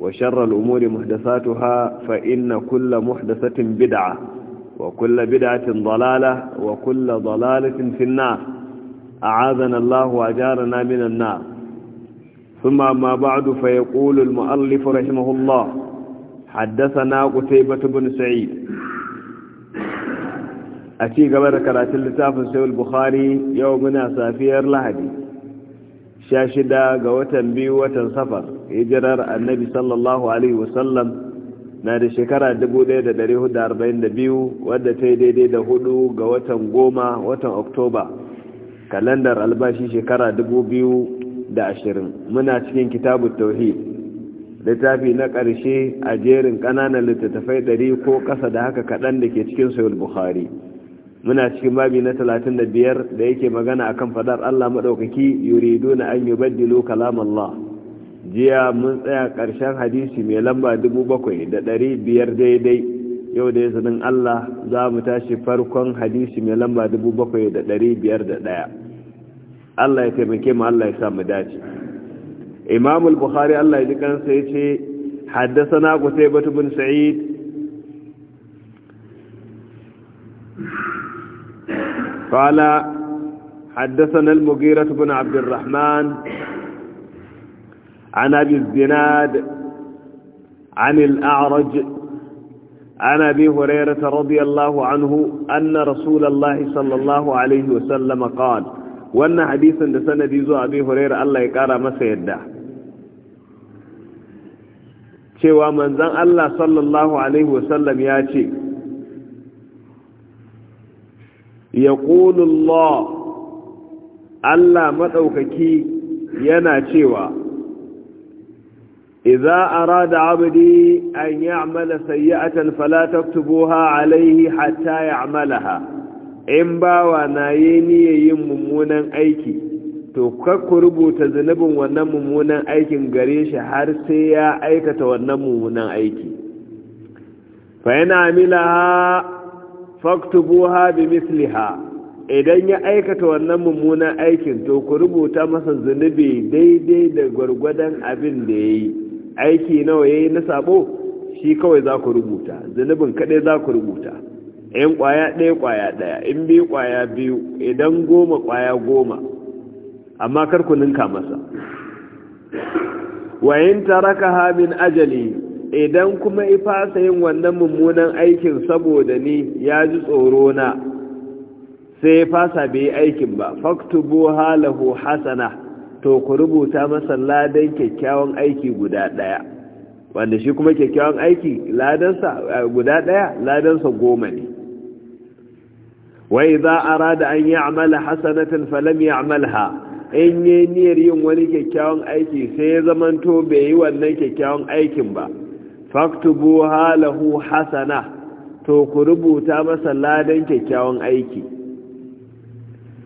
وشر الأمور محدثاتها فإن كل محدثة بدعة وكل بدعة ضلالة وكل ضلالة في النار أعاذنا الله وأجارنا من النار ثم ما بعد فيقول المؤلف رحمه الله حدثنا قتيبة بن سعيد أتي قبل كرات اللتاف سوى البخاري يومنا سافير لهدي شاشدا قوة بيوة سفر hijirar annabi sallallahu alaihi wasallam na da shekara 1442 wadda ta yi daidai da hudu ga watan goma watan oktoba kalandar albashi shekara 2020 muna cikin kitabu tauhid littafi na ƙarshe a jerin ƙananan littattafai 100 ko ƙasa da haka kaɗan da ke cikin sayul bukhari muna cikin babi na 35 da yake magana akan fadar allah maɗaukaki yuridu na an yi baddilo kalam allah jiya mun tsaya ƙarshen hadisi mai lamba dubu bakwai da ɗari biyar daidai yau da izinin Allah za mu tashi farkon hadisi mai lamba dubu bakwai da ɗari biyar da ɗaya Allah ya taimake mu Allah ya sa mu dace Imam al-Bukhari Allah ya ji kansa ya ce sai batu bin Sa'id قال حدثنا المغيرة بن عبد الرحمن عن أبي الزناد عن الأعرج عن أبي هريرة رضي الله عنه أن رسول الله صلى الله عليه وسلم قال وأن حديثا لسنة ديزو أبي هريرة الله يقارى ما سيده cewa manzan Allah sallallahu Alaihi wasallam ya ce ya Allah Allah maɗaukaki yana cewa إذا أراد عبدي أن يعمل سيئة فلا تكتبوها عليه حتى يعملها إن باوى نايني يممونا أيكي تككر بتذنب ونممونا أيكي قريش حرسيا أيكة ونممونا أيكي فإن عملها فاكتبوها بمثلها idan ya aikata wannan mummunan aikin to ku rubuta masa zunubi daidai da gwargwadon abin da ya yi aiki nawa yayi na sabo shi kawai za ku rubuta zunubin kaɗai za ku rubuta yan kwaya ɗaya kwaya ɗaya in bi kwaya biyu idan goma kwaya goma amma kar ku ninka masa wayin taraka ha min ajali idan kuma ifasa yin wannan mummunan aikin saboda ni ya ji tsoro na sai ya fasa bai aikin ba faktubu halahu hasana to ku rubuta masa ladan kyakkyawan aiki guda ɗaya wanda shi kuma kyakkyawan aiki ladansa eh, guda ɗaya ladansa goma ne wai za a rada an yi amala hasanatin falam ya amalha in yi niyyar yin wani kyakkyawan aiki sai ya zamanto bai yi wannan kyakkyawan aikin ba faktubu halahu hasana to ku rubuta masa ladan kyakkyawan aiki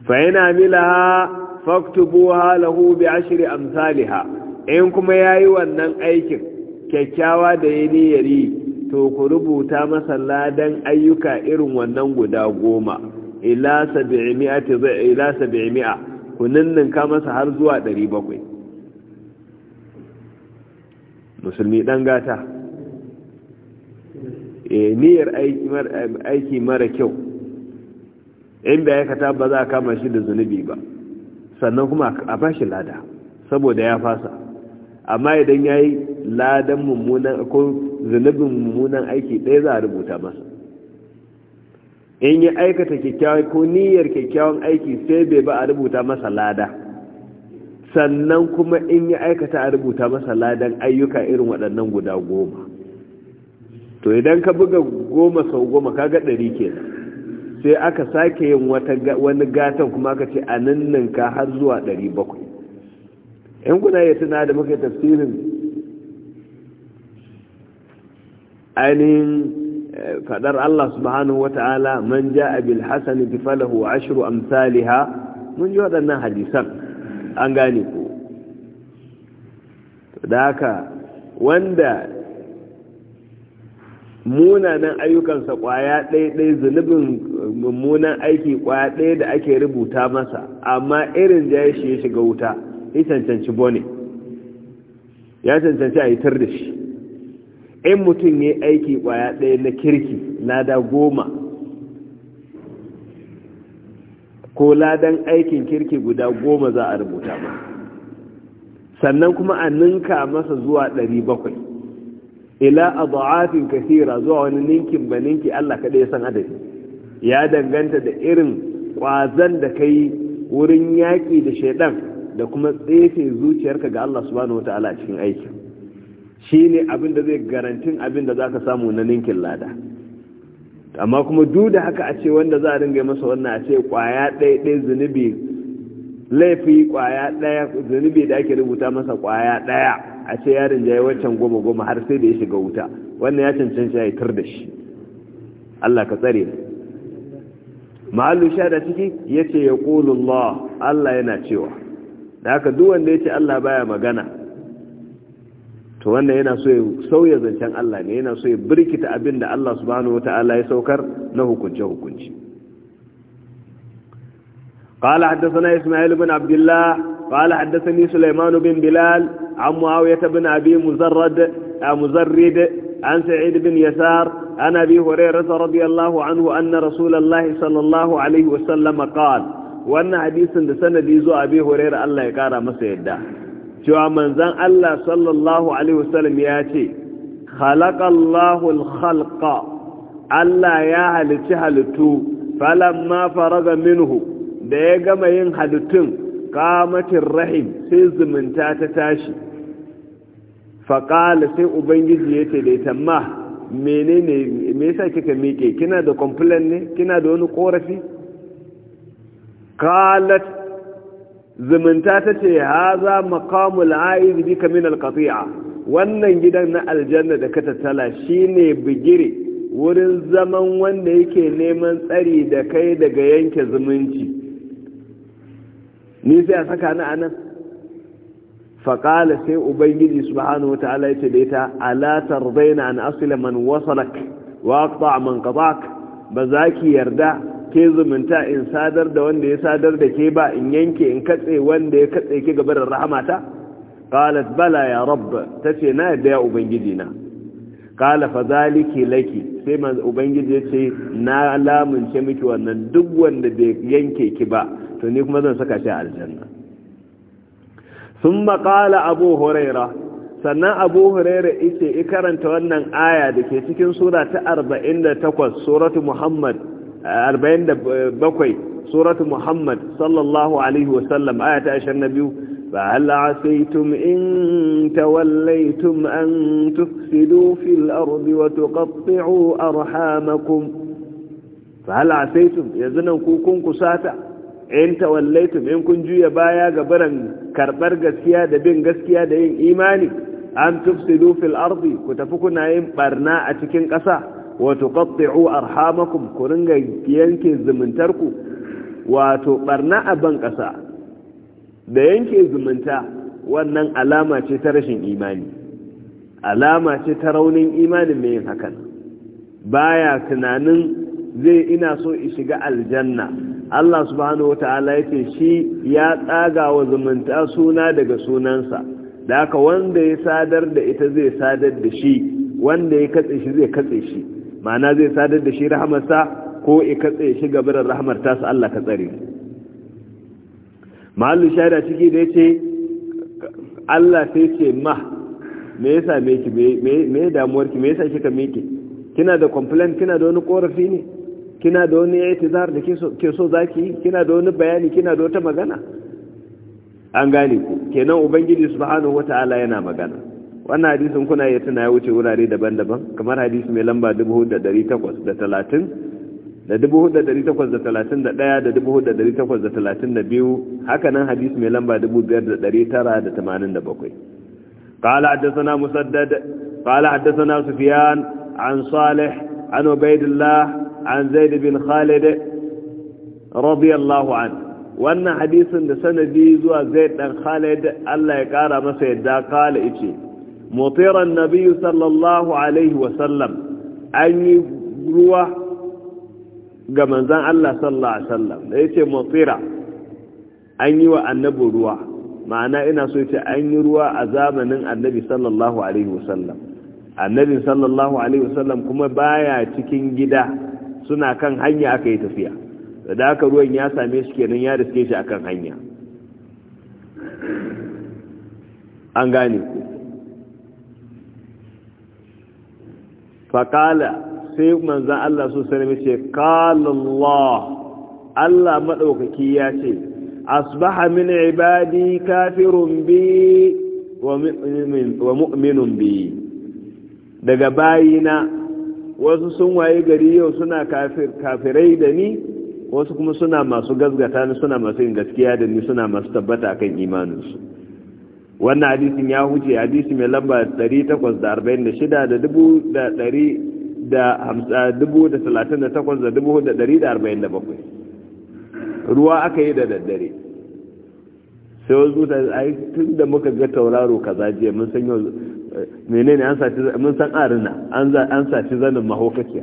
fa yana milaha faktubuha lahu bi ashri amsalha in kuma yayi wannan aikin kyakkyawa da yini yari to ku rubuta masa ladan ayyuka irin wannan guda goma ila 700 ila 700 ku ka masa har zuwa 700 musulmi dan gata eh niyyar aiki mara kyau in bai aikata ba za a kama shi da zunubi ba sannan kuma a bashi lada saboda ya fasa amma idan ya yi ladan mummunan ko zunubin mummunan aiki ɗaya za a rubuta masa in ya aikata kyakkyawan ko niyyar kyakkyawan aiki sai bai ba a rubuta masa lada sannan kuma in ya aikata a rubuta masa ladan ayyuka irin waɗannan guda goma to idan ka buga goma sau goma ka ga ɗari kenan sai aka sake yin wani gatan kuma aka ce a ninninka har zuwa 700 yan kuna ya tuna da muka tafsirin ainihin eh, fadar Allah subhanahu wa ta'ala man ja abil hasan falahu ashru amsalha mun ji waɗannan hadisan an gane ku da haka wanda munanan ayyukansa kwaya ɗaya ɗaya zunubin mummunan aiki kwaya ɗaya da ake rubuta masa amma irin da shi ya shiga wuta ya cancanci bone ya cancanci a yitar da shi in mutum ya aiki kwaya ɗaya na kirki lada goma ko ladan aikin kirki guda goma za a rubuta ba sannan kuma a ninka masa zuwa ɗari bakwai ila adhafin kasira zuwa wani ninkin ba ninki Allah kada ya san adadi ya danganta da irin kwazan da kai wurin yaƙi da shaidan da kuma tsefe zuciyarka ga Allah subhanahu wataala a cikin aiki shine abin da zai garantin abin da zaka samu na ninkin lada amma kuma duk da haka a ce wanda za a dinga masa wannan a ce kwaya ɗaya ɗaya zunubi laifi kwaya ɗaya zunubi da ake rubuta masa kwaya ɗaya a ce yarin ya yi wancan goma goma har sai da ya shiga wuta wannan ya cancanci ya yi tur da shi Allah ka tsare mahallu sha da ciki ya ce ya Allah Allah yana cewa da haka duk ya ce Allah baya magana to wannan yana so ya sauya zancen Allah ne yana so ya birkita abin da Allah subhanahu wata'ala ya saukar na hukunce hukunci قال حدثنا إسماعيل بن عبد الله قال حدثني سليمان بن بلال عن معاوية بن أبي مزرد مزرد عن سعيد بن يسار عن أبي هريرة رضي الله عنه أن رسول الله صلى الله عليه وسلم قال وأن حديث لسند زو أبي هريرة الله يقارى مسيدا شو من زن الله صلى الله عليه وسلم ياتي خلق الله الخلق الله يا هل تهلتو فلما فرغ منه da ya gama yin halittun qamatir rahim sai zumunta ta tashi faƙala sai ubangiji ya ce menene me yasa kika miƙe kina da complain ne kina da wani korafi qalat zumunta ta ce haza maqamul aiz bika min alqati'a wannan gidan na aljanna da ka tattala shine bigire wurin zaman wanda yake neman tsari da kai daga yanke zumunci ni sai a saka ni a nan faƙala sai ubangiji subhanahu wa ta'ala ya ce da ita ala tardaina an asila man wasalak wa aqta man qatak ba za ki yarda ke zumunta in sadar da wanda ya sadar da ke ba in yanke in katse wanda ya katse ki da rahamata qalat bala ya rabb tace na yarda ya ubangiji na kala fa zaliki laki sai man ubangiji ce na lamunce miki wannan duk wanda bai yanke ki ba to ni kuma zan saka shi a aljanna thumma qala abu huraira sannan abu huraira yace i karanta wannan aya da ke cikin sura ta 48 suratu muhammad 47 eh, suratu muhammad sallallahu alaihi wasallam aya ta 22 فهل عسيتم إن توليتم أن تفسدوا في الأرض وتقطعوا أرحامكم فهل عسيتم يزنن كوكون كساتا إن توليتم إن كنجو يبايا قبرا كربر قسيا دبين قسيا دين إيماني أن تفسدوا في الأرض كتفكنا إن برناء تكين قسا وتقطعوا أرحامكم كرنجا ينكي الزمن تركوا وتقرناء بان قسا da yanke zumunta wannan alama ce ta rashin imani alama ce ta raunin imanin mai yin hakan baya tunanin zai ina so in shiga aljanna Allah subhanahu wa ta'ala yake shi ya tsaga wa zumunta suna daga sunansa da haka wanda ya sadar da ita zai sadar da shi wanda ya katse shi zai katse shi ma'ana zai sadar da shi rahamarsa ko ya katse shi gabarar rahamar tasa Allah ka tsare mahallin shaida ciki da ya ce allah sai ce ma me ya same me ya damuwar ki me ya kika ki? kina da complaint kina da wani korafi ne kina da wani itizar da ke so za kina da wani bayani kina da wata magana an gane ku kenan ubangiji subhanahu wata'ala yana magana wannan hadisin kuna yi tuna ya wuce wurare daban-daban kamar hadisi mai lamba 4830 da 431 da 432 haka nan hadis mai lamba 5987 ƙala haddasa sufiyan an salih an obaidullah an zaidu bin khalid radiyallahu wannan hadisun da sanadi zuwa zai ɗan khalid Allah ya ƙara masa yadda kala ice mutiran nabiyyu sallallahu alaihi wasallam an yi ruwa ga manzan Allah sallallahu alaihi wasallam da yace mutira an yi wa annabi ruwa ma'ana ina so yace an yi ruwa a zamanin annabi sallallahu alaihi wasallam annabi sallallahu alaihi wasallam kuma baya cikin gida suna kan hanya aka yi tafiya da haka ruwan ya same shi kenan ya riske shi akan hanya an gane ku faƙala sai manzan Allah su sarami ce kalallah Allah maɗaukaki ya ce asbaha min ibadi kafirun bi wa mu'minun bi daga bayina wasu sun waye gari yau suna kafirai da ni wasu kuma suna masu gazgata ni suna masu yin gaskiya da ni suna masu tabbata akan imaninsu wannan hadisin ya huce hadisi mai lamba 846 da da dubu da talatin da takwas da dubu da dari da arba'in da bakwai ruwa aka yi da daddare sai wasu mutane a tun da muka ga tauraro kaza jiya mun san yau menene an mun san arina an saci zanen mahaukaciya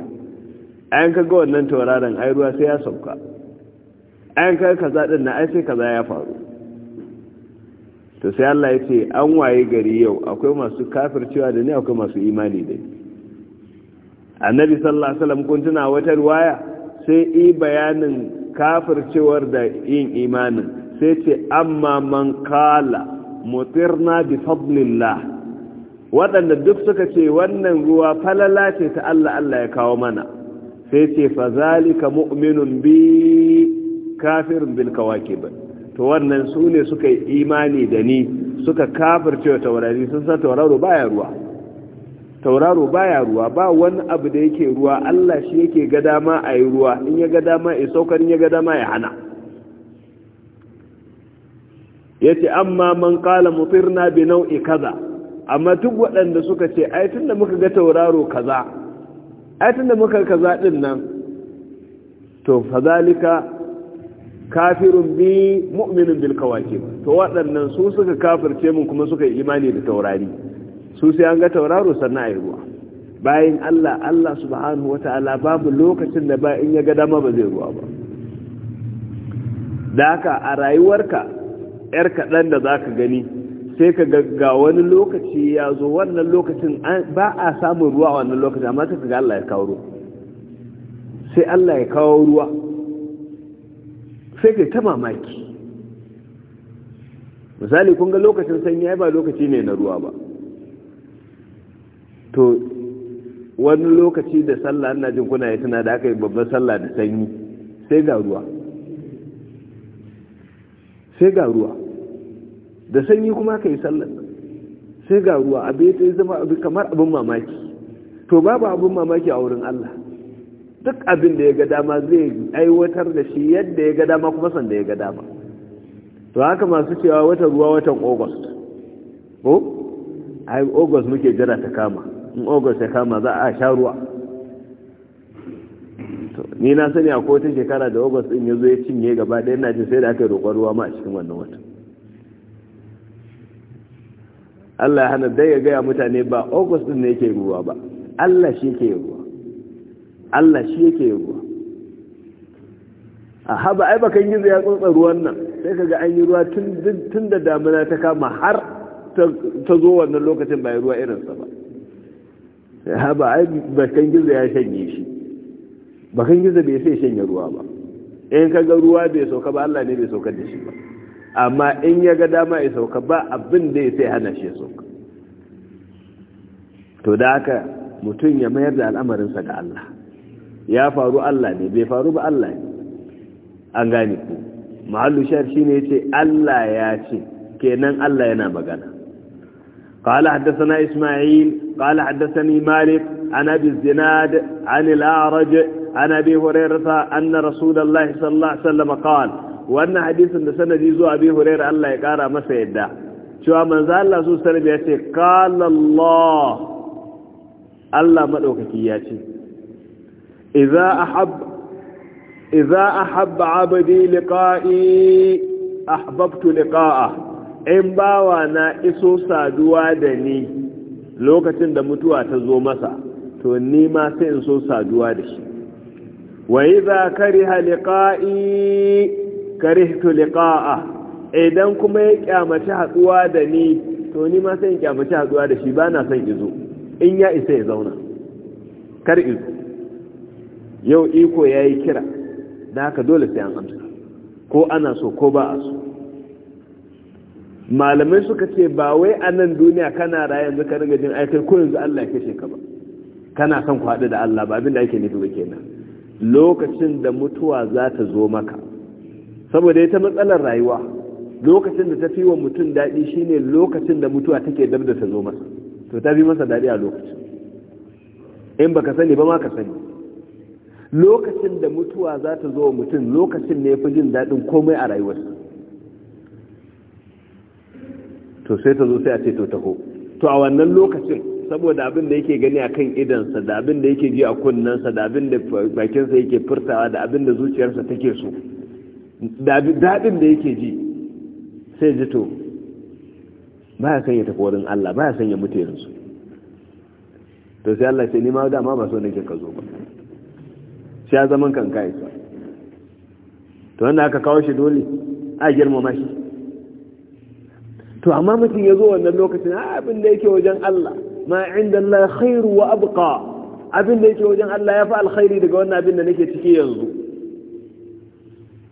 ayan kaga wannan tauraron ai ruwa sai ya sauka ayan kaga kaza din na ai sai kaza ya faru to sai Allah ya ce an waye gari yau akwai masu kafircewa da ni akwai masu imani da ni annabi sallallahu alaihi wasallam kun tuna wata riwaya sai i bayanin kafircewar da yin imanin sai ce amma man kala mutirna bi fadlillah waɗanda duk suka ce wannan ruwa falala ce ta Allah Allah ya kawo mana sai ce fa zalika mu'minun bi kafirin bil kawakib to wannan su suka yi imani da ni suka kafircewa taurari sun san tauraro baya ruwa tauraro baya ruwa ba wani abu da yake ruwa Allah shi yake ga dama a yi ruwa in ya ga dama ya saukar ya ga dama ya hana ya ce amma man kala mutirna bi nau'i kaza amma duk waɗanda suka ce ai tun muka ga tauraro kaza ai tun da muka kaza ɗin nan to fazalika kafirun bi mu'minin bil kawakib to waɗannan su suka kafirce mu kuma suka yi imani da taurari su sai an ga tauraro sannan a yi ruwa bayan allah allah subhanahu wa ta'ala babu lokacin da ba in ya ga dama ba zai ruwa ba da haka a rayuwarka yar kaɗan da za ka gani sai ka ga wani lokaci ya zo wannan lokacin ba a samun ruwa a wannan lokacin amma sai ka ga allah ya kawo ruwa sai allah ya kawo ruwa sai kai ta mamaki misali kun ga lokacin sanyi ba lokaci ne na ruwa ba to wani lokaci da sallah ina jin kuna ya tuna da aka yi babban sallah da sanyi sai ga ruwa sai ga ruwa da sanyi kuma ka yi sallah sai ga ruwa abu ya zama abu kamar abin mamaki to babu abin mamaki a wurin Allah duk abin da ya ga dama zai aiwatar da shi yadda ya ga dama kuma sanda ya ga dama to haka masu cewa watan ruwa watan august ko ai august muke jira ta kama in august ya kama za a sha ruwa ni na sani a kotun shekara da august din ya zo ya cinye gaba ɗaya na jin sai da aka yi roƙon ruwa ma a cikin wannan watan allah ya hana dai ya gaya mutane ba august din ne yake ruwa ba allah shi yake ruwa allah shi yake ruwa a haba ai bakan yi ya tsotsa ruwan nan sai kaga an yi ruwa tun da damina ta kama har ta zo wannan lokacin bai ruwa irinsa ba haba ba ai bakan gizo ya shanye shi bakan gizo bai sai shanye ruwa ba in ka ga ruwa bai sauka ba Allah ne bai saukar da shi ba amma in ya ga dama ya sauka ba abin da ya sai hana shi ya sauka to da haka mutum ya mayar da al'amarinsa ga Allah ya faru Allah ne bai faru ba Allah ne an gane ku mahallu shar shine yace Allah ya ce kenan Allah yana magana قال حدثنا إسماعيل قال حدثني مالك عن أبي الزناد عن الأعرج عن أبي هريرة أن رسول الله صلى الله عليه وسلم قال وأن حديث سنة جيزو أبي هريرة الله يقارى ما سيدا شو من ذا الله سوى سنة بيأتي قال الله الله ملوكك ياتي إذا أحب إذا أحب عبدي لقائي أحببت لقاءه in bawa na iso saduwa da ni lokacin da mutuwa ta zo masa to ni ma sai in so saduwa da shi wa idza kariha liqa'i karihtu liqa'a idan kuma ya kyamaci haduwa da ni to ni ma sai in kyamaci haduwa da shi Ba na son izo in ya isa ya zauna kar izo yau iko yayi kira da haka dole sai an amsa ko ana so ko ba a so malamai suka ce ba wai a nan duniya kana raye yanzu ka riga jin aikai ko yanzu Allah ya kashe ka ba kana son ku haɗu da Allah ba abin da ake nufi ba kenan lokacin da mutuwa za ta zo maka saboda ita matsalar rayuwa lokacin da ta fi wa mutum daɗi shine lokacin da mutuwa take dab da ta zo masa to ta fi masa daɗi a lokacin in baka sani ba ma ka sani lokacin da mutuwa za ta zo wa mutum lokacin ne ya fi jin daɗin komai a rayuwarsa to sai ta zo sai a ce to taho to a wannan lokacin saboda abin da yake gani akan idansa da abin da yake ji a kunnensa da abin da bakinsa yake furtawa da abin da zuciyarsa take so da abin da yake ji sai ji to ba ya sanya tafi wurin Allah ba ya sanya mutu yanzu to sai Allah ce ni ma dama ba so nake ka zo ba sai ya zaman kanka isa to wanda aka kawo shi dole a girmama shi to amma mutum ya zo wannan lokacin ah, abin da yake wajen Allah ma inda Allah khairu wa abqa abin da yake wajen Allah ya fi alkhairi daga wannan abin da nake ciki yanzu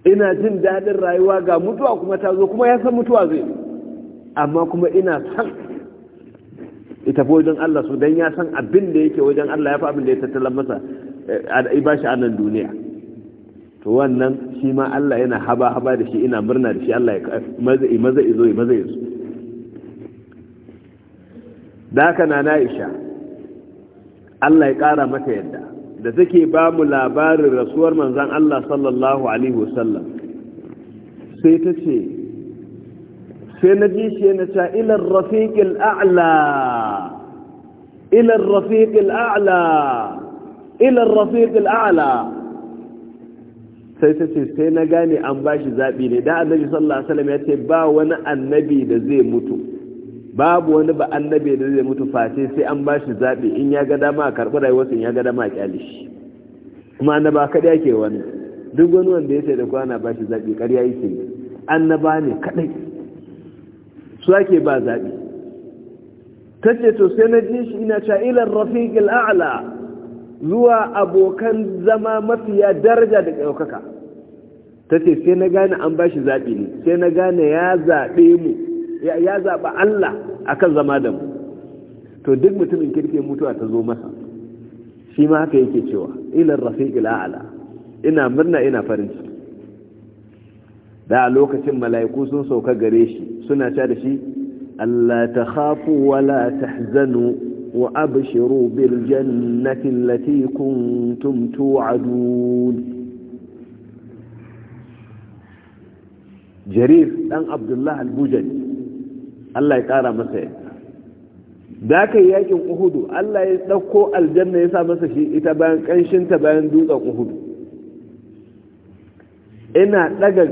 ina jin daɗin rayuwa ga mutuwa kuma ta zo kuma ya san mutuwa zai amma kuma ina san ita fi wajen Allah su dan ya san abin da yake wajen Allah ya fi abin da ya tattala masa eh, a bashi a nan duniya to wannan shi ma Allah yana haba-haba da shi ina murna da shi Allah ya maza izo maza izo da haka na na'isha Allah ya ƙara mata yadda da take ba mu labarin rasuwar manzan Allah sallallahu Alaihi wasallam sai ta ce sai na ji shi na ca ilar rafiƙil a'la ilar rafiƙil a'la ilar rafiƙil a'la sai ta ce sai na gane an ba shi zaɓi ne da annabi sallallahu Alaihi wasallam ya ce ba wani annabi da zai mutu babu wani ba annabi da zai mutu face sai an ba shi zaɓi in ya ga dama a karɓi rayuwarsa in ya ga dama a kyale shi kuma annaba kaɗai yake wani duk wani wanda ya sai da kwana ba shi zaɓi ƙarya yi annaba ne kaɗai su ake ba zaɓi ta ce to sai na ji shi ina cewa ilar rafiqil a'la zuwa abokan zama mafiya daraja da ɗaukaka ta ce sai na gane an ba shi zaɓi ne sai na gane ya zaɓe mu ya zaɓa Allah akan zama da mu to duk mutumin kirkin mutuwa ta zo masa shi ma haka yake cewa ilar rafiqil a'la ina murna ina farin ciki da lokacin mala'iku sun sauka gare shi suna ta da shi Allah ta khafu la tahzanu wa abshiru bil jannati allati kuntum tu'adun jarir dan abdullah al-bujani Allah ya ƙara masa yadda da aka yi yakin uhudu Allah ya ɗauko aljanna ya sa masa shi ita bayan ƙanshinta bayan dutsen uhudu ina ɗaga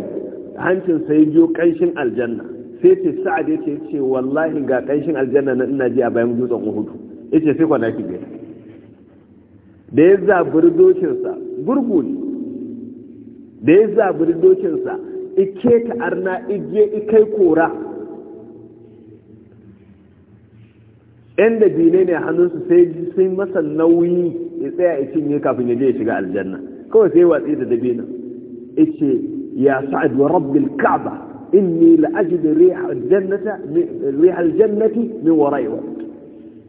hancin sai biyo ƙanshin aljanna sai ce sa'ad ya ce wallahi ga ƙanshin aljanna na ina ji a bayan dutsen uhudu ya ce sai kwanaki biyar da ya zaburi dokinsa gurgu ne da ya zaburi dokinsa ike ta arna ije ikai kora yan dabine ne hannunsu sai sun masa nauyi ya tsaya ya ne kafin ya je ya shiga aljanna kawai sai watsi da dabina ce ya sa'ad wa rabbil ka'ba inni la ajidu riha min ya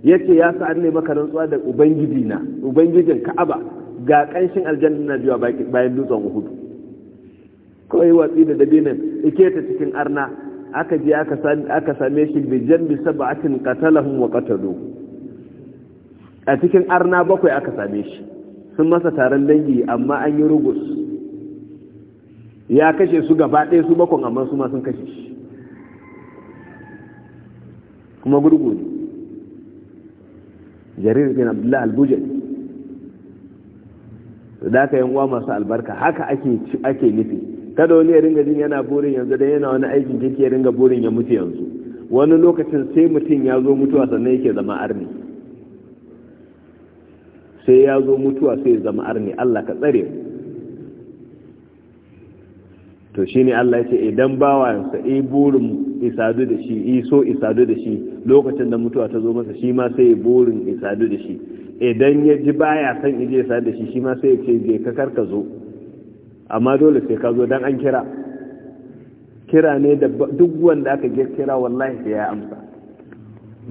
yace ya sa'ad ne maka rantsuwa da ubangiji na ubangijin ka'aba ga kanshin aljanna na biya bayan dutsen hudu kawai watsi da dabinan ike ta cikin arna aka je aka same shi bi jambi sab'atin qatalahum wa qatalu a cikin arna bakwai aka same shi sun masa taron dangi amma an yi rugus ya kashe su gaba ɗaya su bakon amma su ma sun kashe shi kuma gurgu ne jarir bin abdullah al da aka yi uwa masu albarka haka ake nufi kada wani ya ringa jin yana burin yanzu dan yana wani aikin kike ya ringa burin ya mutu yanzu wani lokacin sai mutum ya zo mutuwa sannan yake zama arni sai ya zo mutuwa sai ya zama arni Allah ka tsare to shine Allah ya ce idan bawansa eh burin isadu da shi iso isadu da shi lokacin da mutuwa ta zo masa shi ma sai burin isadu da shi idan ya ji baya son ije isadu da shi shi ma sai ya ce je ka karka zo amma dole sai ka zo don an kira kira ne da duk wanda aka kira wallahi sai ya amsa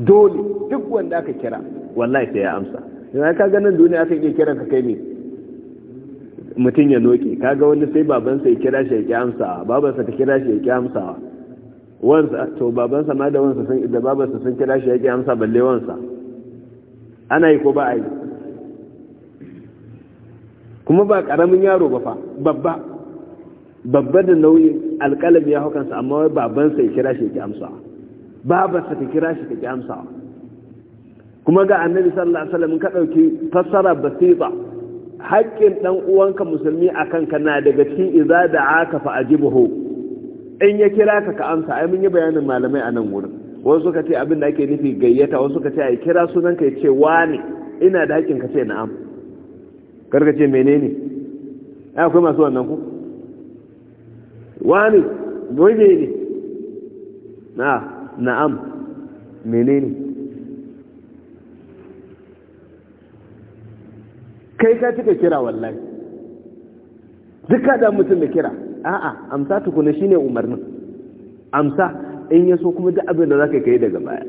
dole duk wanda aka kira wallahi sai ya amsa yana ka ganin duniya aka iya kira ka kai ne mutum ya noke kaga wani sai babansa ya kira shi ya ki amsawa babansa ta kira shi ya ki amsawa wansa to babansa ma da wansa sun da babansa sun kira shi ya ki amsa balle wansa ana yi ko ba a yi kuma ba karamin yaro ba fa babba babba da nauyin alkalami ya hukansa amma wai babansa ya kira shi ki amsa baban babarsa ta kira shi ki amsa. kuma ga annabi sallallahu alaihi wasallam ka dauki fassara basita haƙƙin dan uwanka musulmi akan ka na daga cikin idza da'aka fa ajibuhu in ya kira ka ka amsa ai mun yi bayanin malamai a nan wurin wasu suka ce abin da ake nufi gayyata wasu suka ce ai kira sunan ka ya ce wani ina da haƙƙin ka ce na'am karka ce menene ya akwai masu wannan ku wani goje ne na na'am menene kai ka cika kira wallahi duk da mutum da kira a'a amsa tukuna shine umarnin amsa in ya so kuma duk abin da za ka yi daga baya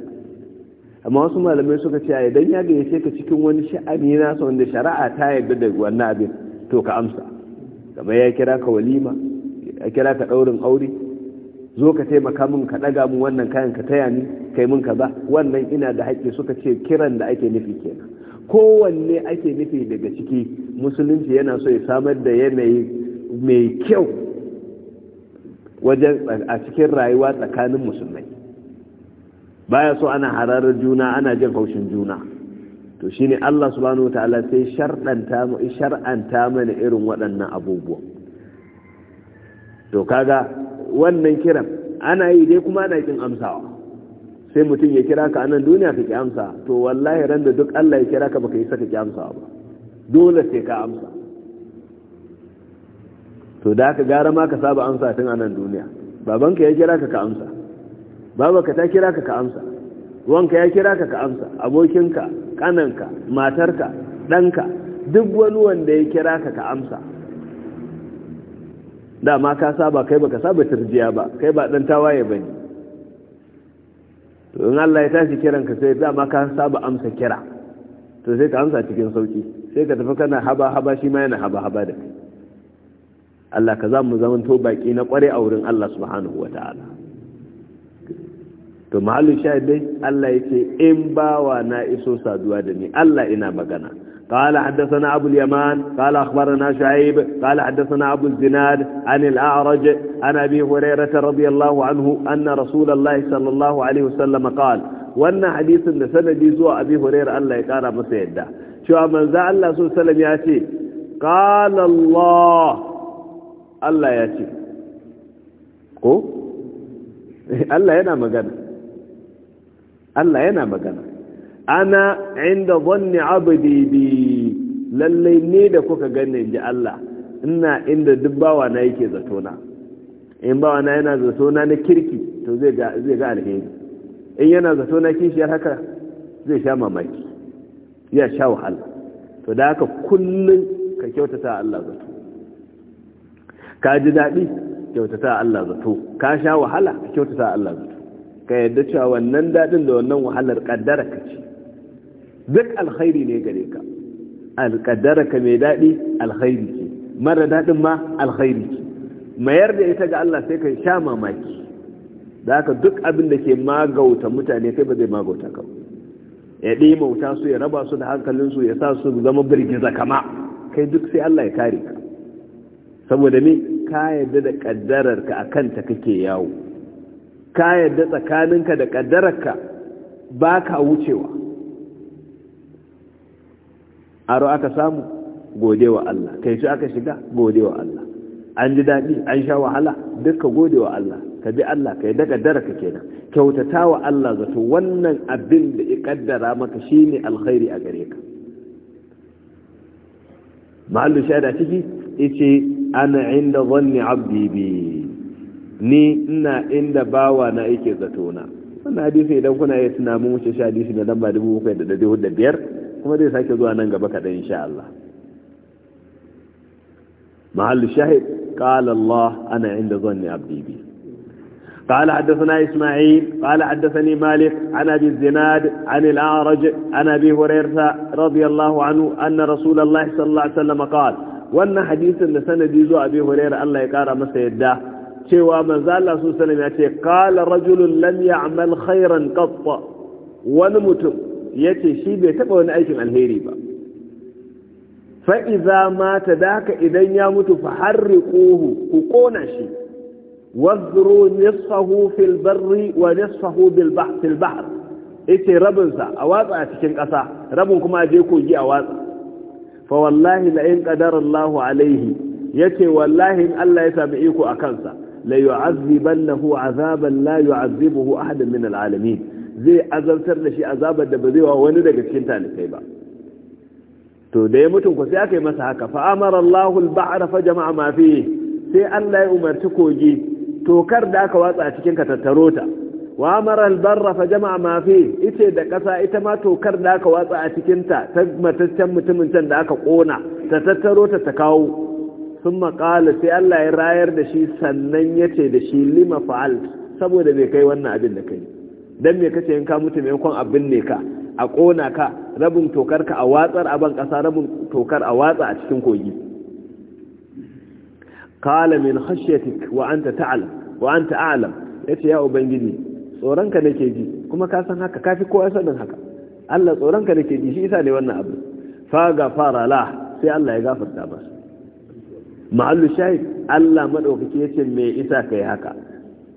amma wasu malamai suka ce idan ya gayyace ka cikin wani sha'ani sa wanda shari'a ta yarda da wannan abin to ka amsa kamar ya kira ka walima ya kira ka daurin aure zo ka taimaka min ka daga mun wannan kayan ka taya ni kai mun kaza wannan ina da haƙƙi suka ce kiran da ake nufi kenan kowanne ake nufi daga ciki musulunci yana so ya samar da yanayi mai kyau wajen a cikin rayuwa tsakanin musulmai baya so ana hararar juna ana jin haushin juna to shine Allah subhanahu wataala sai shar'anta mu shar'anta mana irin waɗannan abubuwa to kaga wannan kiran ana yi dai kuma ana kin amsawa sai mutum ya kira ka anan duniya ka ki amsa to wallahi ran da duk Allah ya kira ka baka yi saka ki amsa ba dole sai ka amsa to da ka gara ma ka saba amsa tun anan duniya babanka ya kira ka ka amsa Babaka ta kira ka ka amsa wanka ya kira ka ka amsa abokinka kananka matarka ɗanka duk wani wanda ya kira ka ka amsa dama ka saba kai baka saba turjiya ba kai ba dan tawaye ba ne to in Allah ya tashi kiran ka sai dama ka saba amsa kira to sai ka amsa cikin sauki sai ka tafi kana haba haba shi ma yana haba haba da kai Allah ka za mu to baki na kware a wurin Allah subhanahu wataala to mahallu shahid dai Allah yace in bawa na iso saduwa da ni Allah ina magana قال حدثنا أبو اليمان قال أخبرنا شعيب قال حدثنا أبو الزناد عن الأعرج عن أبي هريرة رضي الله عنه أن رسول الله صلى الله عليه وسلم قال وأن حديث لسندي زوى أبي هريرة أن لا يقال مسيدة شو من ذا الله صلى الله عليه وسلم يأتي قال الله الله يأتي ko Allah yana magana Allah yana magana ana inda zanni abdi bi lalle ne da kuka ganni ji Allah ina inda duk bawa na yake na in bawa na yana zato na kirki to zai ga zai ga alheri in yana na kishiyar haka zai sha mamaki ya sha wahala to da haka kullun ka kyautata Allah zato ka ji daɗi kyautata Allah zato ka sha wahala ka kyautata Allah zato ka yadda cewa wannan daɗin da wannan wahalar ƙaddara ka ce duk alkhairi ne gare ka alƙaddara ka mai daɗi alkhairi ce mara daɗin ma alkhairi ce mayar da ita ga Allah sai ka sha mamaki da haka duk abin da ke magauta mutane kai ba zai magauta ka ya ɗi mauta su ya raba su da su ya sa su zama birgiza kama kai duk sai Allah ya kare ka saboda me ka yadda da kaddarar ka akan ta kake yawo ka yadda tsakaninka da ƙaddararka ba ka wucewa aro aka samu gode wa Allah kai su aka shiga gode wa Allah an ji daɗi an sha wahala dukka gode wa Allah ka bi Allah ka yadda ƙaddararka kenan kyautata wa Allah zato wannan abin da ya ƙaddara maka ne alkhairi a gare ka mahallin shaida ciki yace ana inda zanni abdi bi ni ina inda bawa na yake zatona wannan hadisi idan kuna iya tuna mun wuce shi hadisi na lamba biyar kuma zai sake zuwa nan gaba kaɗan insha Allah mahallu shahid qala Allah ana inda zanni abdi bi قال حدثنا إسماعيل قال حدثني مالك عن أبي الزناد عن الأعرج عن أبي هريرة رضي الله عنه أن رسول الله صلى الله عليه وسلم قال وأن حديث لسند يزو أبي هريرة الله يقارى مسيده cewa manzo Allah su ya ce kala rajulun lam ya'mal khairan wani mutum yace shi bai taba wani aikin alheri ba Fa'iza idza mata daka idan ya mutu fa harriquhu ku kona shi wazduru nisfahu fil barri wa nisfahu bil bahr rabinsa rabin a watsa a cikin ƙasa, rabin kuma je kogi a watsa fa wallahi la in qadara Allahu alaihi yace wallahi in Allah ya sami iko a kansa la yu'azzibannahu azaban la yu'azzibuhu ahadun min al'alamin zai azabtar da shi azabar da ba zai wa wani daga cikin talikai ba to da ya mutum sai aka yi masa haka fa amara Allahu al-ba'ra fa jama'a ma sai Allah ya umarci kogi tokar da aka watsa a cikin ka tattaro ta wa amara al fa jama'a ma fihi ita da kasa ita ma tokar da aka watsa a cikin ta ta mataccen mutumin can da aka kona ta tattaro ta ta kawo sun qala sai Allah ya rayar da shi sannan ya ce da shi lima fa'al saboda bai kai wannan abin da kai don me kace in ka mutu kon abin ne ka a ƙona ka rabin tokar ka a watsar a ban ƙasa rabin tokar a watsa a cikin kogi qala min khashyatik wa anta ta'lam wa anta a'lam yace ya ubangiji tsoronka nake ji kuma ka san haka kafi ko ya sanin haka Allah tsoronka nake ji shi isa ne wannan abu fa gafara la sai Allah ya gafarta masa ma'allu shahid Allah madaukake yace me isa kai haka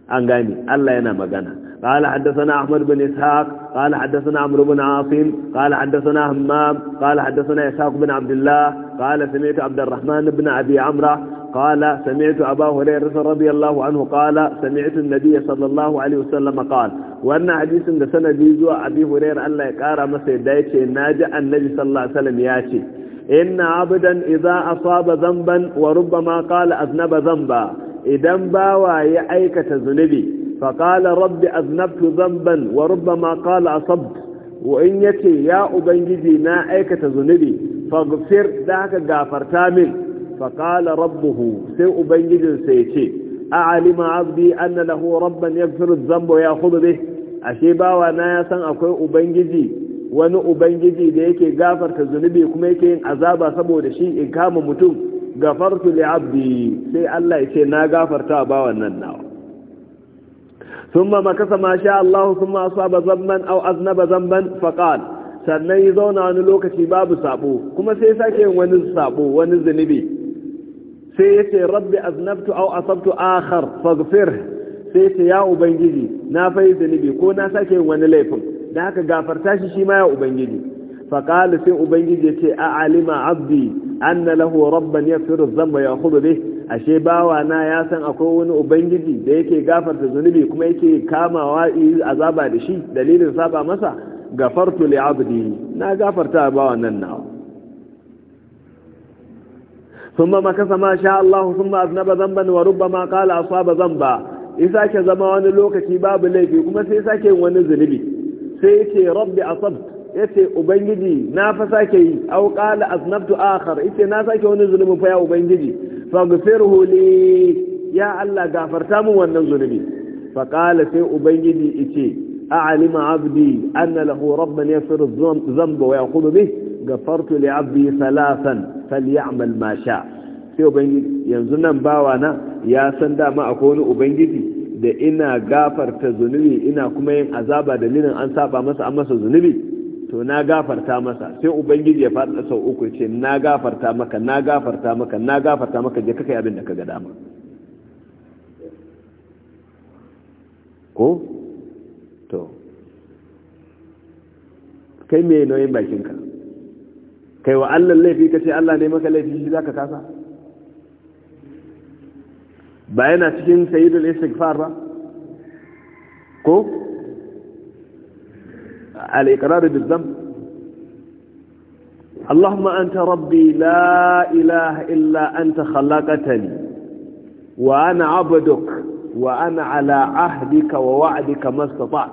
an gane Allah yana magana قال حدثنا أحمد بن إسحاق قال حدثنا عمرو بن عاصم قال حدثنا همام قال حدثنا إسحاق بن عبد الله قال سمعت عبد الرحمن بن أبي عمرة قال سمعت أبا هريرة رضي الله عنه قال سمعت النبي صلى الله عليه وسلم قال وأن حديث لسنة جيزوا أبي هريرة أن لا يقارى مسيدايك ناجع النبي صلى الله عليه وسلم ياتي inna abdan idza asaba zamban wa rubbama qala aznaba zamba idan bawa ya aikata zunubi fa qala rabbi aznabtu zamban wa rubbama qala asabt wa in yace ya ubangiji na aikata zunubi faghfir da haka gafarta min fa qala rabbuhu sai ubangijinsa yace a'alima abdi anna lahu rabban yaghfiru adh-dhanba wa ya'khudhu bih ashe bawa na ya san akwai ubangiji wani ubangiji da yake gafarta zunubi kuma yake yin azaba saboda shi in kama mutum gafartu li abdi sai Allah ya ce na gafarta ba wannan nawa thumma makasa ma sha Allah thumma asaba zamman aw aznaba zamman faqal sannan ya zauna wani lokaci babu sabo kuma sai sake yin wani sabo wani zunubi sai ya ce rabbi aznabtu aw asabtu akhar faghfir sai ya ya ubangiji na fayi zunubi ko na sake yin wani laifin da haka gafarta shi shi ma ya ubangiji faqala sai ubangiji ya ce a alima abdi anna lahu rabban yaghfiru dhanba hudu bih ashe bawa na ya san akwai wani ubangiji da yake gafarta zunubi kuma yake kamawa azaba da shi dalilin saba masa gafartu li abdi na gafarta bawa nan nawa ثم مكث ما شاء الله ثم أذنب ذنبا وربما قال أصاب ذنبا إذا كان زمان لوكتي باب ليفي كما سيساكي wani بي sai ce rabbi asabt yace ubangiji na fa sake yi aw qala aznabtu akhar yace na sake wani zulumi fa ya ubangiji gfirhu li ya Allah gafarta min wannan zunubi fa qala sai ubangiji yace a'lima abdi anna lahu rabban yaghfiru dhanba wa yaqulu bih gafartu li abdi thalathan falyamal ma sha sai ubangiji yanzu nan na ya san dama akwai wani ubangiji da ina gafarta zunubi ina kuma yin azaba dalilin an saba masa an masa zunubi to na gafarta masa sai ubangiji ya faɗa sau uku ce na gafarta maka na gafarta maka na gafarta maka je kakai abin da ka ga dama ko to kai me nauyin bakinka kai wa Allah laifi ka ce Allah ne maka laifi shi zaka kasa ba yana cikin الاستغفار istighfar ba ko al-iqrar اللهم أنت ربي لا إله إلا أنت خلقتني وأنا عبدك وأنا على عهدك ووعدك ما استطعت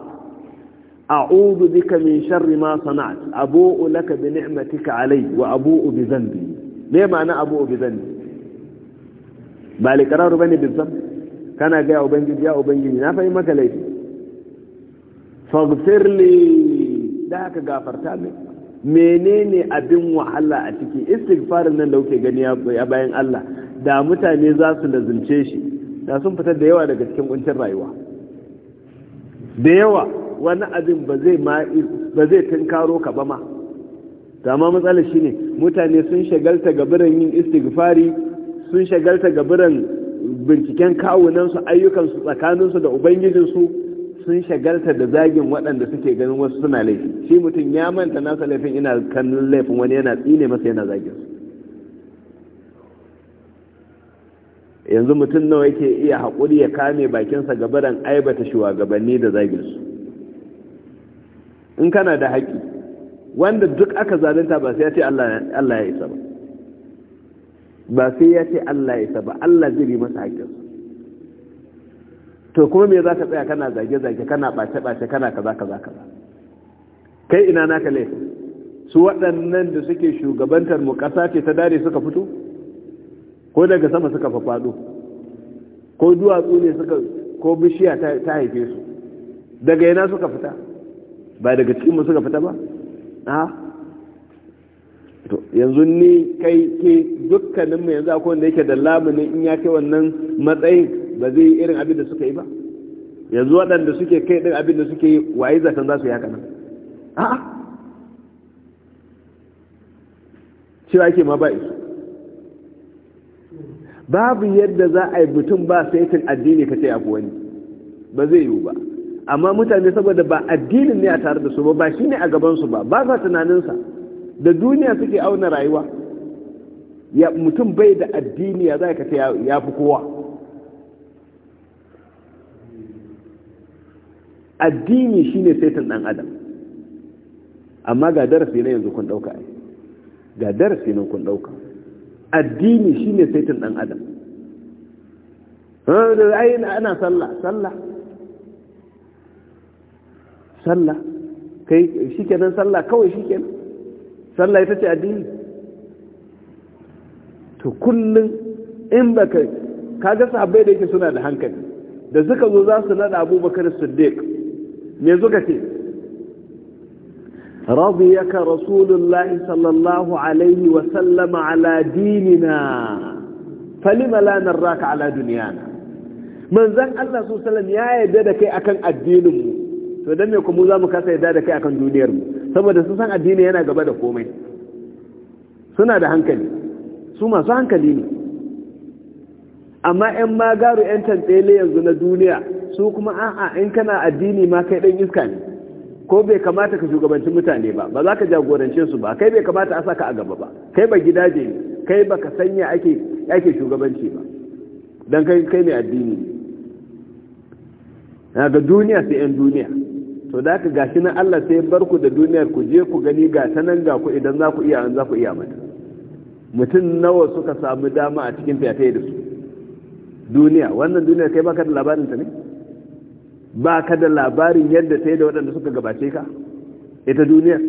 أعوذ بك من شر ما صنعت أبوء لك بنعمتك علي وأبوء بذنبي ليه معنى أبوء بذنبي ba alƙararu bane bisab kana gaya ubangiji ya ubangiji na fahimta laifi faghfir li da haka gafarta mai menene abin wahala a ciki istighfarin nan da kuke gani ya bayan Allah da mutane za su lazince shi da sun fitar da yawa daga cikin kuncin rayuwa da yawa wani abin ba zai ba zai tunkaro ka ba ma dama matsalar shi ne mutane sun shagalta ga yin istighfari sun shagalta gaburan binciken kawunansu ayyukansu tsakaninsu da ubangijinsu sun shagalta da zagin waɗanda suke ganin wasu suna laifi shi mutum ya manta nasa laifin ina kanin laifin wani yana tsine masa yana zagin yanzu mutum nawa yake iya haƙuri ya kame bakinsa gabaran aibata shugabanni da zagin su in kana da haƙi wanda duk aka zalunta ba sai ya ce Allah ya isa ba ba sai ya ce Allah ya ba Allah zai yi masa haƙƙin to kuma me za ka tsaya kana zage-zage kana ɓace-ɓace kana kaza kaza kaza kai ina naka laifin su waɗannan da suke shugabantar mu ƙasa ce ta dare suka fito ko daga sama suka faɗo ko duwatsu ne suka ko bishiya ta haife su daga yana suka fita ba daga cikin mu suka fita ba to yanzu ni kai ke dukkanin mu yanzu akwai wanda yake da lamuni in ya kai wannan matsayin ba zai yi irin abin da suka yi ba yanzu waɗanda suke kai ɗin abin da suke yi waye zaton za su yi haka nan a'a cewa ke ma ba babu yadda za a yi mutum ba saitin addini ka ce abu wani ba zai yiwu ba amma mutane saboda ba addinin ne a tare da su ba ba shi ne a gabansu ba ba sa tunaninsa da duniya suke auna rayuwa ya mutum bai da addini ya za ka ce ya fi kowa addini shine saitin dan adam amma ga darasi na yanzu kun dauka ai ga darasi nan kun dauka addini shine saitin dan adam ai ana sallah sallah sallah kai shikenan sallah kawai shikenan sallah ita ce addini to kullum in baka kaga sahabbai da yake suna da hankali da suka zo za su nada abubakar siddiq me zuka ce radiyaka rasulullahi sallallahu alaihi wa sallama ala dinina falima la narraka ala duniyana manzon Allah sallallahu alaihi ya yarda da kai akan addinin mu to dan me kuma za mu kasa yarda da kai akan duniyar mu saboda sun san addini yana gaba da komai suna da hankali su masu hankali ne amma 'yan magaru 'yan tantsele yanzu na duniya su kuma a'a in kana addini ma kai ɗan iska ne ko bai kamata ka shugabancin mutane ba ba za ka jagorance su ba kai bai kamata a saka a gaba ba kai ba gidaje ne kai ba ka sanya ake shugabanci ba don kai kai mai addini ne daga duniya sai 'yan duniya to da ka gashi na Allah sai bar ku da duniyar ku je ku gani ga ta nan ga ku idan za ku iya an za ku iya mata mutum nawa suka samu dama a cikin fiye da su duniya wannan duniyar kai baka da labarin ta ne baka da labarin yadda sai da waɗanda suka gabace ka ita duniyar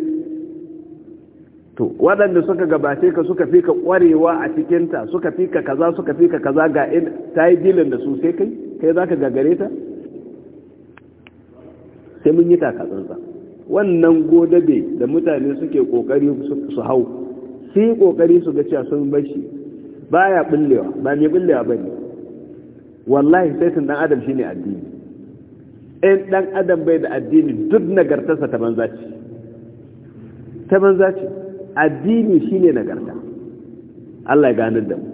to waɗanda suka gabace ka suka fi ka ƙwarewa a cikinta suka fi ka kaza suka fi ka kaza ga ta yi dilin da su sai kai kai za ka gagare ta sai mun yi takatsantsa wannan godabe da mutane suke kokari su hau sai yi kokari su ga cewa sun bashi baya bullewa ba mai bullewa ba ne wallahi sai sun dan adam shine addini in dan adam bai da addini duk nagartarsa ta banza ce ta banza ce addini shine nagarta Allah ya ganar da mu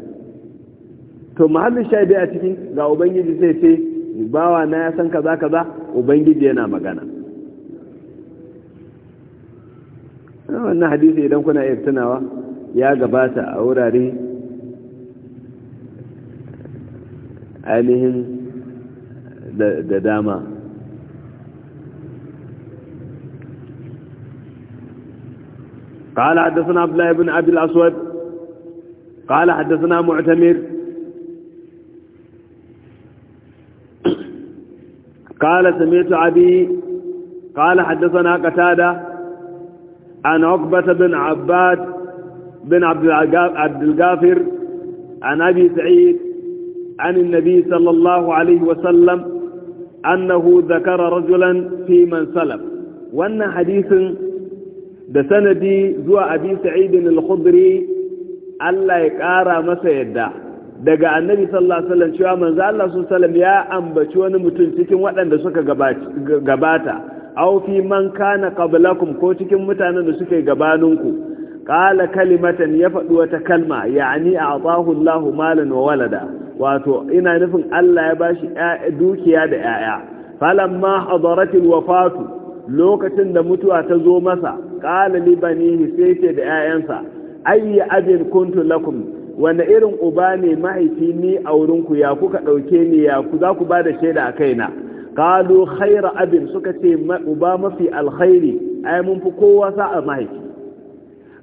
to mahallin biyu a cikin ga ubangiji zai ce bawa na ya san kaza kaza ubangiji yana magana wannan hadisi idan kuna iya tunawa ya gabata a wurare ainihin da dama قال حدثنا عبد الله بن عبد الاسود قال حدثنا معتمر قال سمعت أبي قال حدثنا قتادة عن عقبة بن عباد بن عبد الغافر عن أبي سعيد عن النبي صلى الله عليه وسلم أنه ذكر رجلا في من سلف وأن حديث بسندي زوى أبي سعيد الخضري ألا يكارى Allah daga annabi sallallahu alaihi wasallam cewa manzo Allah sallallahu alaihi wasallam ya ambaci wani mutum cikin waɗanda suka gabata aw fi man kana qablakum ko cikin mutanen da suke gabaninku qala kalimatan ya faɗi wata kalma ya'ni a'tahu Allah malan wa walada wato ina nufin Allah ya bashi dukiya da ƴaƴa falamma hadaratil wafatu lokacin da mutuwa ta zo masa qala libanihi sai ce da ƴaƴansa ayya abin kuntu lakum wanda irin uba ne mahaifi ni a wurinku ya kuka ɗauke ni ya ku za ku ba da shaida a kaina kalu khaira abin suka ce uba mafi alkhairi ai mun fi kowa a mahaifi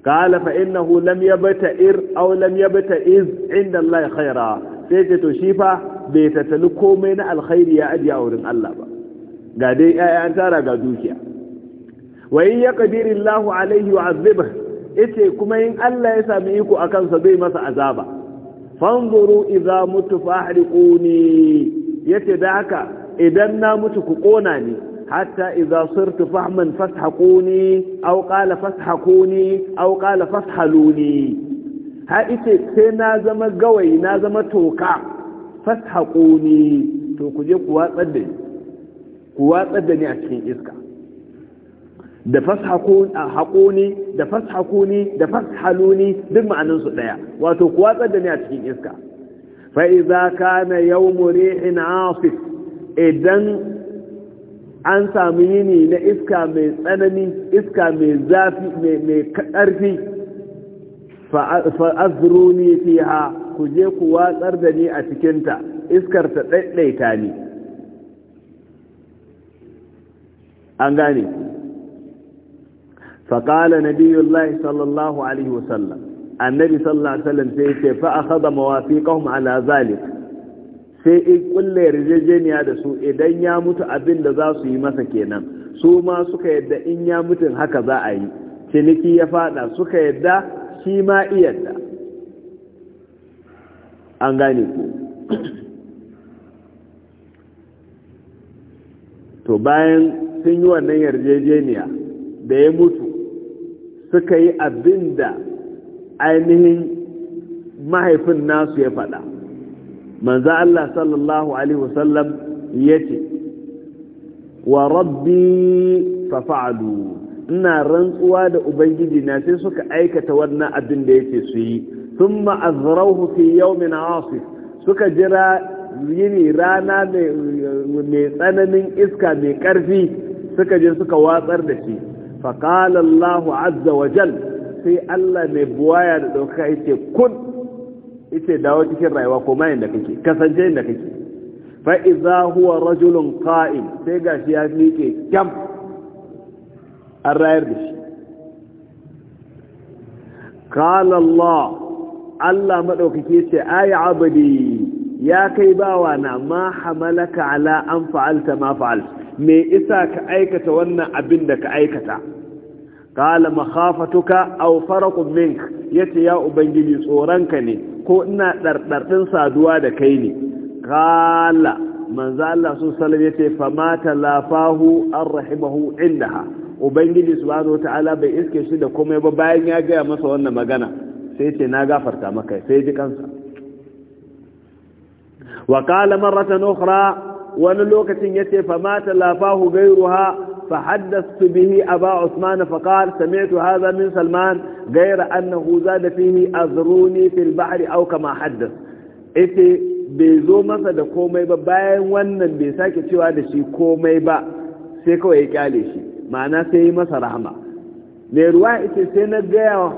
kala fa innahu lam yabta ir aw lam yabta iz inda Allah khaira sai ce to shi fa bai tattali komai na alkhairi ya ajiya wurin Allah ba ga dai 'ya'ya an tara ga dukiya wa in yaqdiru alaihi wa yace kuma in Allah ya sami iko a kansa zai masa azaba fanzuru idza mutu fahriquni yace da haka idan na mutu ku kona ni hatta idza sirtu fahman fashaquni aw qala fashaquni aw qala fashaluni ha ite sai na zama gawayi na zama toka fashaquni to ku je ku watsar da ni ku watsar da ni a cikin iska da fashakuni da fashakuni da fashaluni duk su ɗaya wato kuwa da ne a cikin iska fa'iza ka na yau rihin afis idan an sami yini na iska mai tsanani iska mai zafi mai ƙarfi azruni fiha ku je ku watsar da ni a cikinta iskar ta daidaita ni an gane faƙala nabiyullahi sallallahu alaihi wasallam annabi sallallahu alaihi wasallam sai yake fa akhadha mawafiqahum ala zalik sai in kulle yarjejeniya da su idan ya mutu abin da za su yi masa kenan su ma suka yadda in ya mutu haka za a yi ciniki ya fada suka yadda shi ma iyadda an gane ku to bayan sun yi wannan yarjejeniya da ya mutu suka yi abin da ainihin mahaifin nasu ya faɗa manza Allah sallallahu alaihi wasallam ya ce wa rabbi fafa'alu ina rantsuwa da ubangiji na sai suka aikata wannan abin da yake su yi sun ma'azarauhu fi yawmin asif suka jira yini rana mai tsananin iska mai ƙarfi suka je suka watsar da shi فقال الله عز وجل في الله مبوايا دوكا يتي كن يتي داو cikin rayuwa ko mai da kake kasance inda kake fa idza huwa rajulun qa'im sai gashi ya miƙe kyam an rayar da shi qala Allah Allah madaukake ce ayi abadi ya kai bawa na ma an fa'alta ma me isa ka aikata wannan abin da ka aikata Kala makhafatuka aw farqun mink yace ya ubangiji tsoranka ne ko ina dardardin saduwa da kai ne kala manzo Allah sun sallam yace famata lafahu arrahimahu indaha ubangiji subhanahu wataala bai iske shi da komai ba bayan ya gaya masa wannan magana sai ce na gafarta maka sai ji kansa wa qala marratan ukhra wani lokacin yace fa mata lafahu gairuha fa haddastu bihi aba usman fa qala sami'tu hadha min salman Gaira, annahu zada fihi azruni fil bahri aw kama haddath ite bai zo masa da komai ba bayan wannan bai sake cewa da shi komai ba sai kawai ya kyale shi ma'ana sai yi masa rahama mai ruwa ita sai na gaya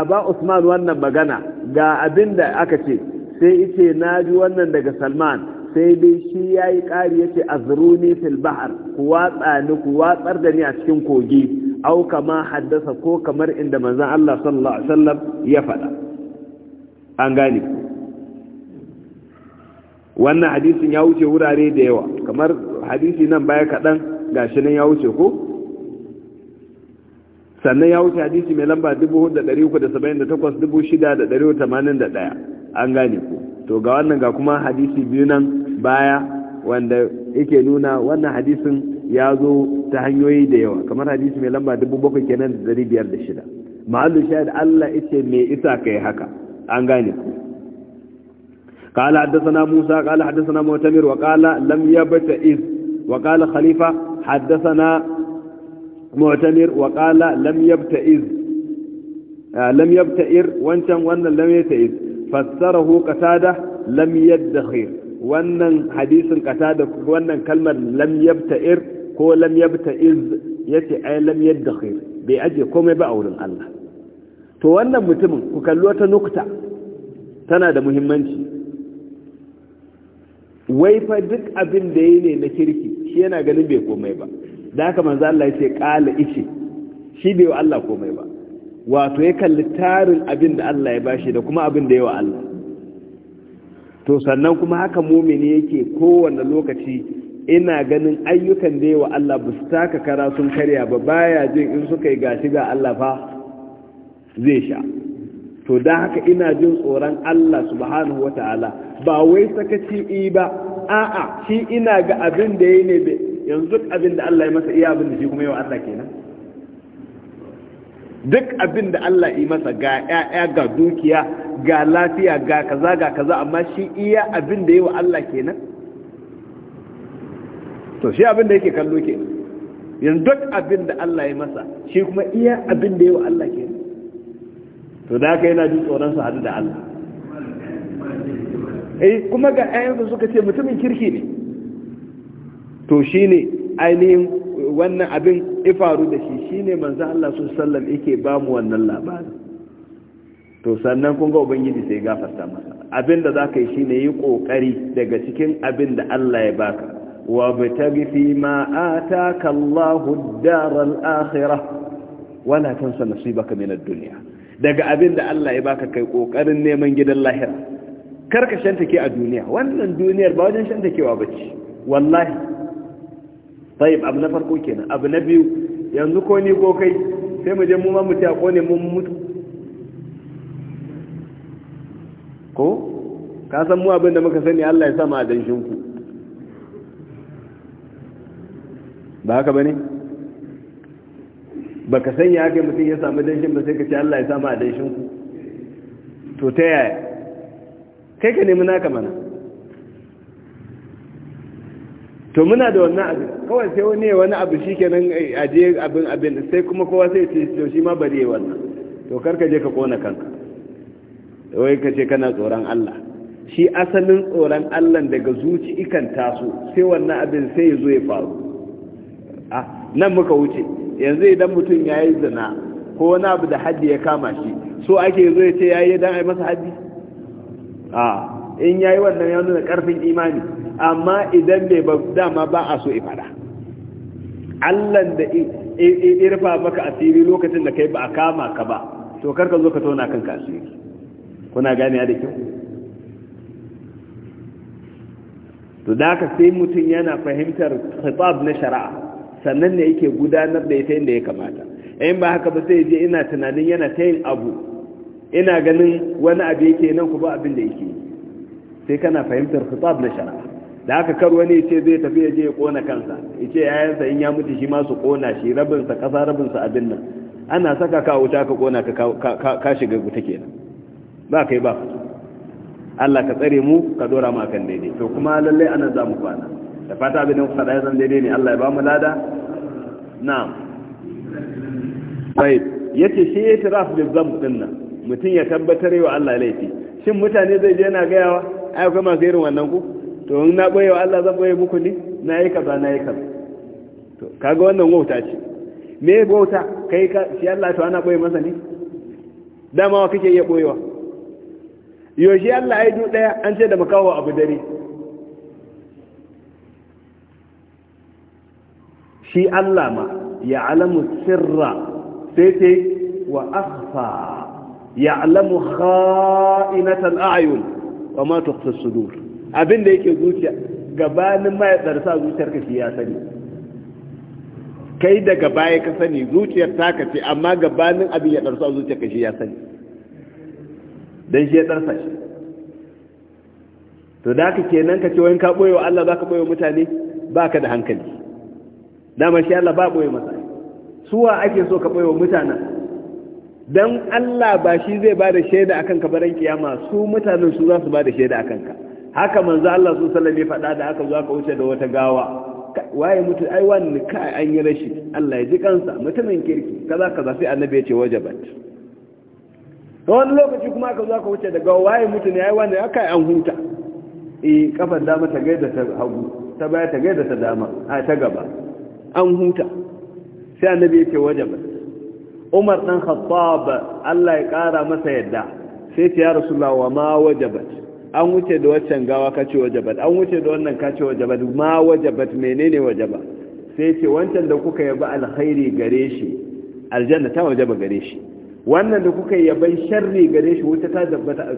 a ba usman wannan magana ga abin da aka ce sai ice na ji wannan daga salman sai dai shi ya yi ƙari ya ce azruni fil bahar ku watsa ni ku watsar da ni a cikin kogi au kama haddasa ko kamar inda manzan Allah sallallahu alaihi wasallam ya faɗa an gane wannan hadisin ya wuce wurare da yawa kamar hadisi nan baya kaɗan gashi nan ya wuce ko sannan ya wuce hadisi mai lamba 4378 an gane ku to ga wannan ga kuma hadisi biyu nan baya wanda yake nuna wannan hadisin ya zo ta hanyoyi da yawa kamar hadisi mai lamba 7,500 kenan da shida ma'allu da Allah ita mai isa ka yi haka an gane ku kala haddasa na musa kala haddasa na mutamir wa kala lam ya bata iz wa kala khalifa haddasa na mutamir wa kala lam ya bata iz lam bata ir wancan wannan Lamya ya ta iz fassarahu qatada lam yaddakhir wannan hadisin qatada wannan kalmar lam yabta'ir ko lam yabta'iz yace ay lam yaddakhir bai aje komai ba a wurin Allah to wannan mutumin ku kallo ta nukta tana da muhimmanci wai fa duk abin da yayi ne na kirki shi yana ganin bai komai ba da haka manzo Allah yace qala ishi shi bai wa Allah komai ba wato ya kalli tarin abin da Allah ya bashi da kuma abin da yawa Allah to sannan kuma haka mumini yake kowane lokaci ina ganin ayyukan da yawa Allah ba su taka kara sun karya ba baya jin in suka yi gashi ga Allah fa zai sha to da haka ina jin tsoron Allah subhanahu wa Ta'ala ba wai sakaci i ba a'a shi ina ga abin da yayi ne yanzu abin da Allah ya masa iya abin da shi kuma yawa Allah kenan duk abin da Allah yi masa ga ƴaƴa ga dukiya ga lafiya ga kaza ga kaza amma shi iya abin da yawa Allah kenan to shi abin da yake kallo ke yanzu duk abin da Allah ya masa shi kuma iya abin da yawa Allah kenan to da haka yana jin tsoron su hadu da Allah eh kuma ga ƴaƴansa suka ce mutumin kirki ne to shine ainihin wannan abin ifaru da shi shine manzo Allah sun sallam yake ba mu wannan labarin to sannan kun ga ubangiji sai gafarta masa abin da zaka yi shine yi kokari daga cikin abin da Allah ya baka wa bitagi fi ma ataka Allahu ad-dar al-akhirah wala tansa nasibaka min ad-dunya daga abin da Allah ya baka kai kokarin neman gidan lahira karka shanta ke a duniya wannan duniyar ba wajen shanta wa bace wallahi tsayib abu na farko kenan abu na biyu yanzu ko ni ko kai sai mu je mu ma mutu ko kone mun mutu ko ka san mu abin da muka sani Allah ya sama a danshin ku ba haka bane baka sanya haka mutum ya samu danshin ba sai ka ce Allah ya sama a danshin ku to ta yaya kai ka nemi naka mana to muna da wannan abin kawai sai wani wani abu shi kenan eh, a je abin abin sai kuma kowa sai ce to shi ma bari wannan to karka je ka kona kanka wai ka ce kana tsoron Allah shi asalin tsoron Allah daga zuci ikan taso sai wannan abin sai ya zo ya faru ah nan muka wuce yanzu idan mutum ya yi zina ko wani abu da haddi ya kama shi so ake zo ya ce ya yi dan a masa haddi a ah, in ya yi wannan ya nuna karfin imani amma idan bai ba dama ba a so ifada allan da irfa maka asiri lokacin da kai ba a kama ka ba to karka zo ka tona kanka asiri kuna gane da kyau to da ka sai mutum yana fahimtar khitab na shari'a sannan ne yake gudanar da ita inda ya kamata in ba haka ba sai je ina tunanin yana ta yin abu ina ganin wani abu yake nan ku ba abin da yake sai kana fahimtar khitab na shari'a da haka kar wani ce zai tafi ya je ya kona kansa ya ce yayansa in ya mutu shi ma su kona shi rabinsa kasa rabinsa abin nan ana saka ka wuta ka kona ka ka shiga wuta kenan ba kai ba Allah ka tsare mu ka dora mu akan daidai to kuma lalle anan za mu kwana da fata abin da ku faɗa zan daidai ne Allah ya ba mu lada na'am طيب yace shi ya bil dhanb din nan mutun ya tabbatar wa Allah laifi shin mutane zai je yana gayawa ai kuma masu irin wannan ku to na boye wa Allah zan boye muku ne na yi kaza na yi kaza to kaga wannan wauta ce me wauta kai ka shi Allah to ana boye masa ne dama wa kake iya boyewa shi Allah ya duk daya an ce da makawa abu dare shi Allah ma ya alamu sirra sai ce wa akhfa ya alamu kha'inatal a'yun wa ma tukhfi sudur abin da yake zuciya gabanin ma ya tsarsa zuciyar ka shi ya sani kai daga baya ka sani zuciyar ka ce amma gabanin abin ya tsarsa zuciyar ka shi ya sani Don shi ya tsarsa shi to da haka kenan ka ce wani ka boye wa Allah ka boye mutane Ba ka da hankali dama shi Allah ba boye masa suwa ake so ka boye wa mutanen don Allah ba shi zai ba da shaida a kanka kiyama su mutanen su za su ba da shaida a kanka haka manzo Allah su sallame faɗa da aka zo aka wuce da wata gawa waye mutu ai wani kai an yi rashi Allah ya ji kansa mutumin kirki kaza kaza sai annabi ya ce wajabat to wani lokaci kuma aka zo aka wuce da gawa waye mutu ne ai wani aka an huta eh kafar dama ta gaida ta hagu ta baya ta gaida ta dama a ta gaba an huta sai annabi ya ce wajabat Umar dan Khattab Allah ya kara masa yadda sai ce ya Rasulullah wa ma wajabat an wuce da waccan gawa ka ce wajabat an wuce da wannan ka ce wajabat ma wajabat menene wajaba sai ce wancan da kuka yaba alkhairi gare shi aljanna ta wajaba gare shi wannan da kuka yaba sharri gare shi wuta ta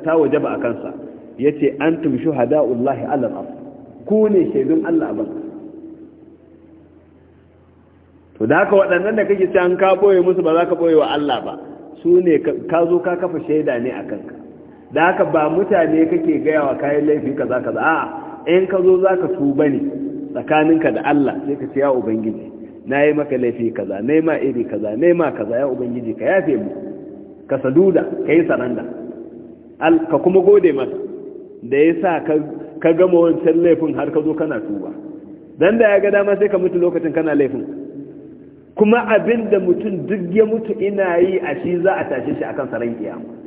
ta wajaba a kansa yace antum shuhada'ullahi ala al-ard ku ne shaidun Allah a banka to da haka waɗannan da kake cewa an ka boye musu ba za ka boye wa Allah ba su ne ka zo ka kafa shaida ne a kanka da haka ba mutane kake gaya wa kayan laifi kaza kaza a in ka zo za ka tuba ne tsakaninka da Allah sai ka ce ya ubangiji na yi maka laifi kaza na yi ma iri kaza na yi ma kaza ya ubangiji ka yafe mu ka saduda ka yi saranda ka kuma gode masa da ya sa ka gama wancan laifin har ka zo kana tuba dan da ya ga dama sai ka mutu lokacin kana laifin kuma abin da mutum duk ya mutu ina yi a shi za a tashe shi akan saran kiyama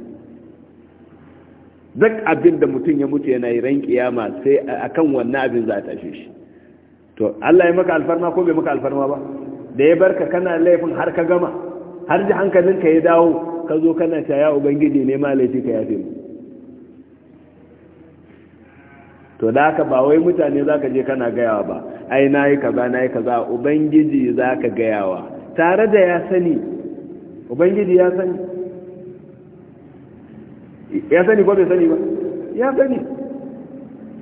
duk abin da mutum ya mutu yana yi ran kiyama sai akan wannan abin za a tashe shi to Allah ya maka alfarma ko bai maka alfarma ba da ya barka kana laifin har ka gama har ji hankalinka ya dawo ka zo kana ta ya ubangiji ne ma laifi ka yafe mu to da haka ba wai mutane za ka je kana gayawa ba ai na yi kaza na yi kaza ubangiji za ka gayawa tare da ya sani ubangiji ya sani ya sani ko bai sani ba ya sani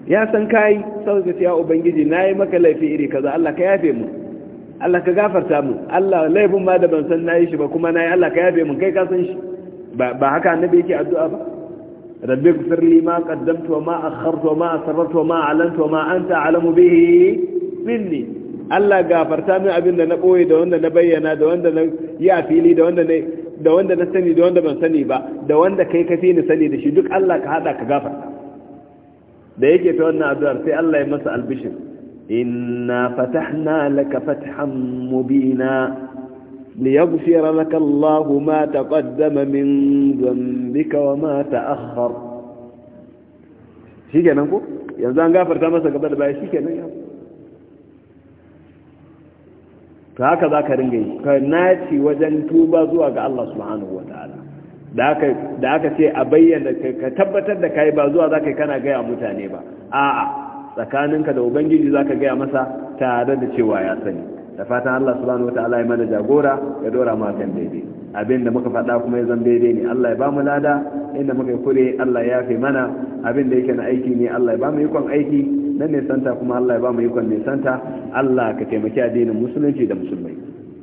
ya san kai sauka ya ubangiji nayi maka laifi iri kaza Allah ka yafe mu Allah ka gafarta mu Allah laifin ma da ban san nayi shi ba kuma nayi Allah ka yafe mu kai ka san shi ba haka annabi yake addu'a ba rabbi ighfir li ma qaddamtu wa ma akhartu wa ma asrartu wa ma alantu wa ma anta a'lamu bihi minni Allah gafarta min abin da na koyi da wanda na bayyana da wanda na yi a fili da wanda na da wanda na sani da wanda ban sani ba da wanda kai ka ni sani da shi duk Allah ka hada ka gafarta da yake ta wannan addu'ar sai Allah ya masa albishin inna fatahna laka fathan mubina ليغفر لك الله ما تقدم من ذنبك وما تأخر شيء كان Yanzu an gafarta masa gaba da الباقي shikenan كان ta haka za ka ringa yi ka naci wajen tuba zuwa ga Allah subhanahu wa ta'ala da aka ce a bayyana ka tabbatar da kai ba zuwa za ka kana gaya mutane ba a'a tsakaninka da ubangiji za ka gaya masa tare da cewa ya sani da fatan Allah subhanahu wa ta'ala ya mana jagora ya dora mu kan daidai abin da muka faɗa kuma ya zan daidai ne Allah ya ba mu lada inda muka kure Allah ya fi mana abin da yake na aiki ne Allah ya ba mu ikon aiki na nisanta kuma Allah ya ba mu ikon nisanta Allah ka taimaki addinin musulunci da musulmai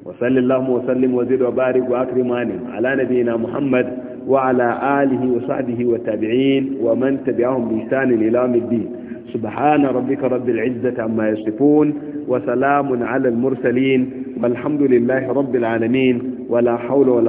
wa sallallahu wa sallim wa zid wa barik wa akrim ala nabiyyina muhammad wa ala alihi wa sahbihi wa tabi'in wa man tabi'ahum bi ihsan ila yawmiddin سبحان ربك رب العزة عما يصفون وسلام على المرسلين والحمد لله رب العالمين ولا حول